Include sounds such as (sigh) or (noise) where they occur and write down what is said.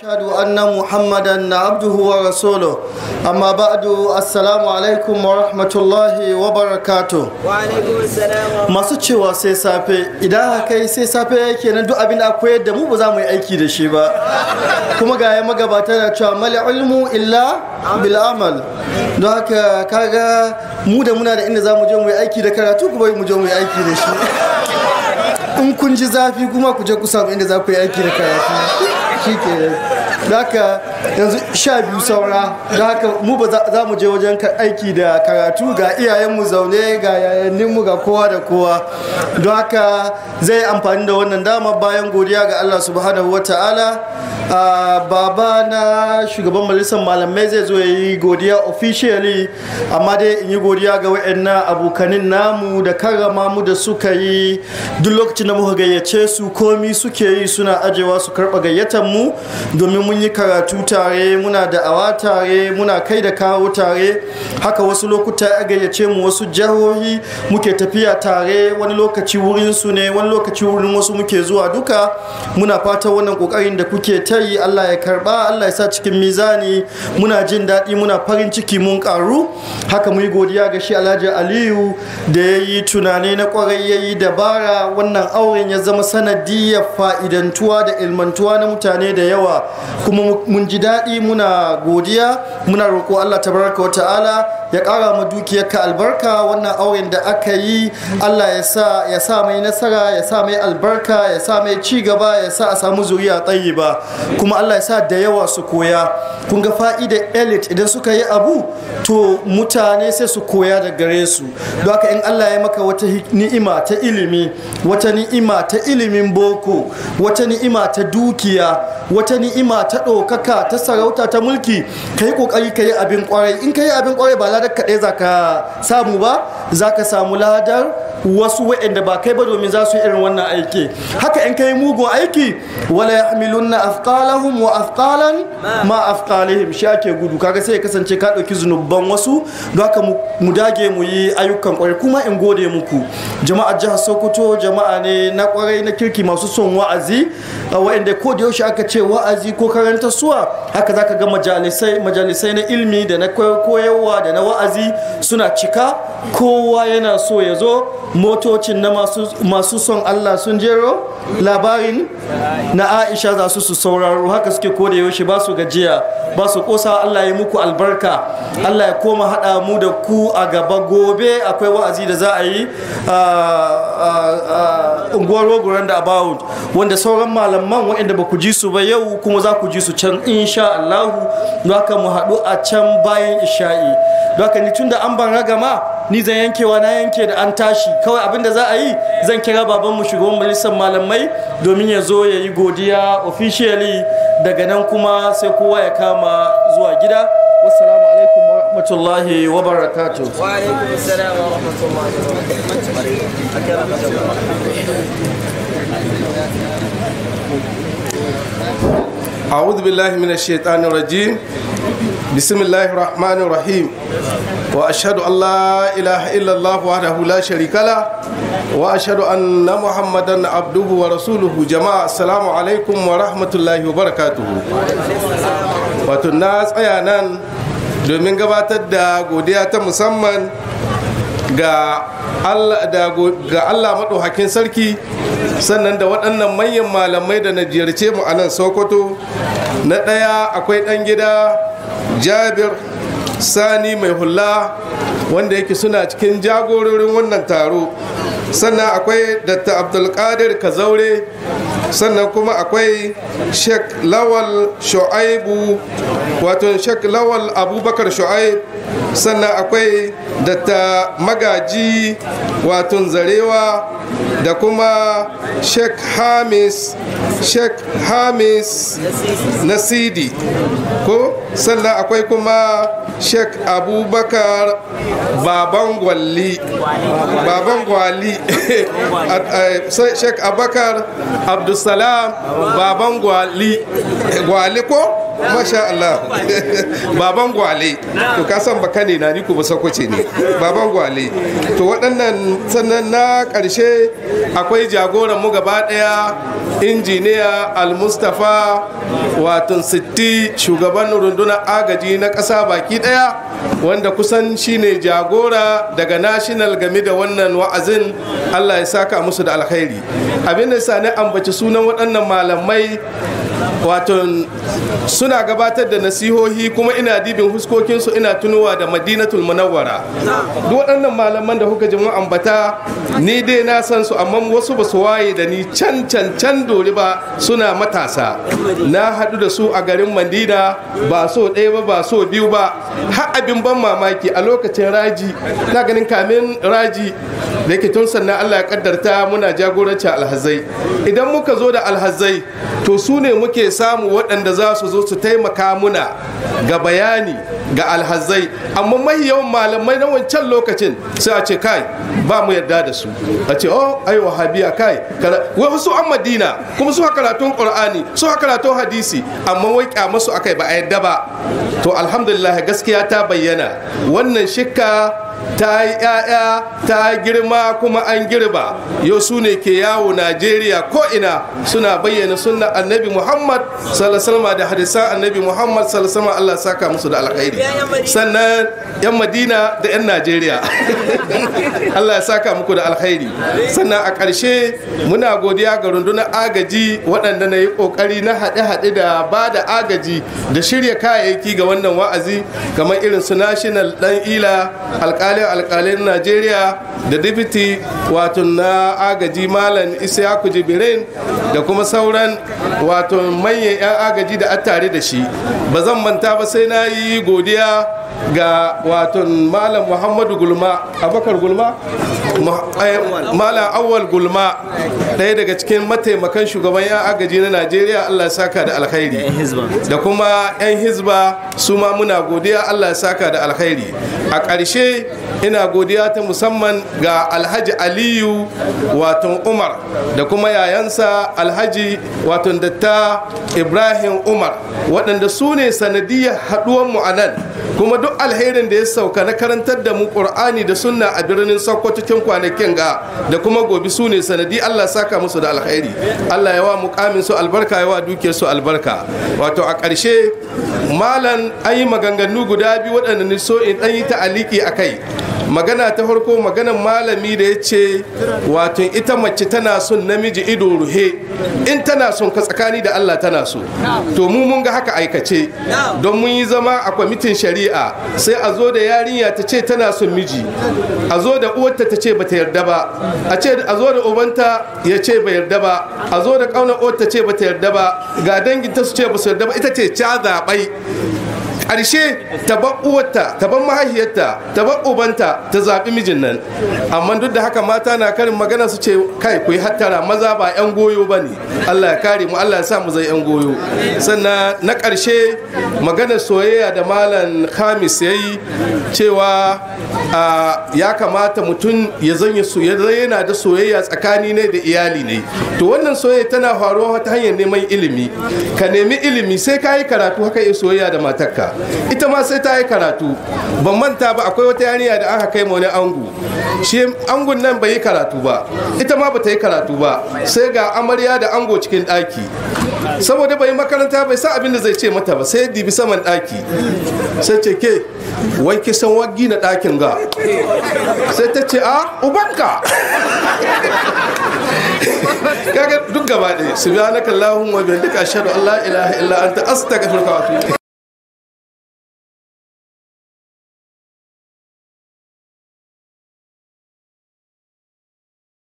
Muhammadan na محمدا عبده ورسوله أما بعد السلام alaikum wa rahmatullahi warahmatullahi wabarakatuh masu cewa sai safe idan haka yi sai safe yake nan duk abin akwai da mu ba za mu yi aiki da shi ba kuma ga ya magabata da cewa mali ilmu illa bil'amal. don haka kaga mu da muna da inda za mu je mu yi aiki da karatu kuma mu je mu yi aiki da shi in kun ji zafi kuma ku je ku inda za ku yi aiki da karatu she did. Becca yanzu sha biyu saura da haka mu ba za mu je wajen aiki da karatu ga iyayenmu zaune ga yayanninmu ga kowa da kowa don haka zai amfani da wannan dama bayan godiya ga allah subhanahu wa ta'ala baba na shugaban majalisar malamai zai zo ya yi godiya officially amma dai in yi godiya ga wa'annan abokanin namu da karama mu da suka yi duk lokacin da muka gayyace su komi suke yi suna ajewa su karɓa gayyatar mu domin mun yi karatu tare muna da'awa tare muna kai da kawo tare haka wasu lokuta ya gayyace mu wasu jihohi muke tafiya tare wani lokaci wurin su ne wani lokaci wurin wasu muke zuwa duka muna fata wannan kokarin da kuke ta yi Allah ya karba Allah ya sa cikin mizani muna jin daɗi muna farin ciki mun karu haka muyi godiya ga shi Alhaji Aliyu da ya yi tunani na kwarai ya yi dabara wannan auren ya zama sanadiyar fa'idantuwa da ilmantuwa na mutane da yawa kuma mun ji daɗi muna godiya muna roƙo Allah tabaraka wa ta'ala ya ƙara ma dukiyarka albarka wannan auren da aka yi Allah ya sa ya sa mai nasara ya sa mai albarka ya sa mai ci gaba ya sa a samu zuriya ba kuma Allah ya sa da yawa su koya kun ga fa'ida elite idan suka yi abu to mutane sai su koya da gare su don haka in Allah ya maka wata ni'ima ta ilimi wata ni'ima ta ilimin boko wata ni'ima ta dukiya wata ni'ima ta ɗaukaka ta sarauta ta mulki ka yi ƙoƙari abin ƙwarai in ka abin ƙwarai ba ladar kaɗai za ka samu ba za ka samu ladar wasu waɗanda ba kai ba domin za su yi irin wannan aiki haka in kai mugun aiki wala na afkalahun wa afkalan ma afkalihim shi ake gudu kaga sai ya kasance ka ɗauki zunubban wasu don ka mu dage mu yi ayyukan kwarai kuma in gode muku Jama'a jihar Sokoto jama'a ne na kwarai na kirki masu son wa'azi waɗanda ko da yaushe aka ce wa'azi ko karanta suwa haka zaka ga majalisai majalisai na ilmi da na koyarwa da na wa'azi suna cika kowa yana so ya zo motocin na masu son Allah sun jero labarin na Aisha za su su sauraro haka suke koda yaushe ba su gajiya ba su kosa Allah ya muku albarka Allah ya koma hada mu da ku a gaba gobe akwai wa'azi da za a yi a unguwar roguran da about wanda sauran malaman waɗanda ba ku ji su ba yau kuma za ku ji su can insha Allah haka mu haɗu a can bayan isha'i don haka ni tun da an ban ragama ni zan yankewa na yanke da an tashi kawai abinda za a yi zan kira babanmu shugaban majalisar malamai domin ya zo ya yi godiya officially daga nan kuma sai kowa ya kama zuwa gida wassalamu alaikum wa rahmatullahi wa barakatu wa alaikum assalam wa rahmatullahi wa بسم الله الرحمن الرحيم وأشهد أن لا إله إلا الله وحده لا شريك له وأشهد أن محمدا عبده ورسوله جماعة السلام عليكم ورحمة الله وبركاته وتناس أيانا domin gabatar da godiya ta musamman ga Allah maɗaukakin sarki sannan da waɗannan manyan malamai da na ziyarce mu a nan sokoto na ɗaya akwai ɗan gida jabir sani mai hula wanda yake suna cikin jagororin wannan taro sannan akwai datta abdulkadir kazaure sannan kuma akwai sheik lawal shu'aibu wato sheik lawal abubakar shu'aib sannan akwai datta magaji wato zarewa da kuma sheik hamis sheik hamis nasidi ko sannan akwai kuma sheik abubakar baban gwali baban gwali (laughs) eh, sheik abubakar abdulsalam baban gwali gwali ko masha Allah (laughs) baban gwale to ka san baka ne na ni ku ba ne baban gwale to waɗannan sannan na ƙarshe akwai jagoran mu gaba ɗaya injiniya al-mustafa watan sitti shugaban rundunar agaji na ƙasa baki ɗaya wanda kusan shine jagora daga national game da wannan wa'azin Allah ya saka musu da alkhairi abin da sa ambaci sunan waɗannan malamai wato suna gabatar da nasihohi kuma ina dibin huskokinsu ina tunowa da madinatul munawwara duk waɗannan malaman da kuka jama'a ambata ni dai na san su amma wasu ba su waye da ni can can can dori ba suna matasa na haɗu da su a garin madina ba so ɗaya ba ba so biyu ba har abin ban mamaki a lokacin raji na ganin kamin raji da yake tun sannan allah ya kaddarta muna jagoranci alhazai idan muka zo da alhazai to su ne muke samu waɗanda za su zo su taimaka muna ga bayani ga alhazai amma mai yawan malamai na wancan lokacin sai a ce kai ba mu yarda da su a ce oh ai wahabiya kai wai su an madina kuma su karatun qur'ani su karatun hadisi amma wai kyamasu akai ba a yarda ba to alhamdulillah gaskiya ta bayyana wannan shikka ta yi ‘ya'ya ta girma kuma an girba yau su ne ke yawo najeriya ko'ina suna bayyana sunna annabi muhammad salasalma da hadisan annabi muhammad salasalma allah saka musu da alkhairi sannan 'yan madina da 'yan najeriya (laughs) Allah ya saka muku da alkhairi sannan a ƙarshe muna godiya ga rundunar agaji waɗanda na yi ƙoƙari na haɗe-haɗe da ba da agaji da shirya kayayyaki ga wannan wa'azi kamar irin su national ɗan ila alƙalin alƙalin najeriya da dibiti wato na agaji malam isyaku jibirin da kuma sauran wato manyan 'yan agaji da a tare da shi ba zan manta ba sai na yi godiya ga watan malam muhammadu gulma abakar gulma eh, malam awal gulma ɗaya daga cikin mataimakan shugaban 'yan agaji na najeriya allah saka da alkhairi da kuma 'yan hizba su ma muna godiya allah saka da alkhairi a ƙarshe ina godiya ta musamman ga alhaji aliyu watan umar da kuma yayansa alhaji watan datta ibrahim umar waɗanda su ne sanadiyar haɗuwanmu a nan kuma duk alherin da ya sauka na karantar da mu ƙur'ani da sunna a birnin sokoto cikin kwanakin ga da kuma gobe su ne sanadi allah saka musu da alheri, allah yawa mukamin su albarka yawa duke su albarka wato a ƙarshe malam an yi maganganu guda biyu waɗanda ni so in ɗan yi ta'aliki a kai magana ta farko maganan malami da ya ce wato ita mace tana son namiji ido ruhe in tana son ka tsakani da Allah tana so to mu mun ga haka aikace don mun yi zama a kwamitin shari'a sai a zo da yarinya ta ce tana son miji a zo da uwarta ta ce bata yarda ba a ce a zo da ubanta ya ce bai yarda ba a zo da kauna uwarta ce bata yarda ba ga danginta su ce ba su yarda ba ita ce ca zabai. ƙarshe tabar uwarta mahaifiyarta tabar ubanta ta zaɓi mijin nan amma duk da haka mata na karin magana su ce kai ku yi hattara maza ba 'yan goyo ba ne allah ya kare mu allah ya sa mu zai 'yan goyo sannan na ƙarshe magana soyayya da malam khamis ya yi cewa ya kamata mutum ya zanya yana da soyayya tsakani ne da iyali ne to wannan soyayya tana faruwa ta hanyar neman ilimi ka nemi ilimi sai ka yi karatu haka yi soyayya da matarka ita ma sai ta yi karatu ban manta ba akwai wata yarinya da aka kai wani angu shi angun nan bai yi karatu ba ita ma bata yi karatu ba sai ga amarya da ango cikin daki saboda bai makaranta bai sa abin da zai ce mata ba sai dibi saman daki sai ce ke wai ki san waggi na dakin ga sai ta ce a ah, ubanka kaga duk gaba ɗaya subhanakallahumma wa bihamdika ashhadu an la ilaha illa anta astaghfiruka wa atubu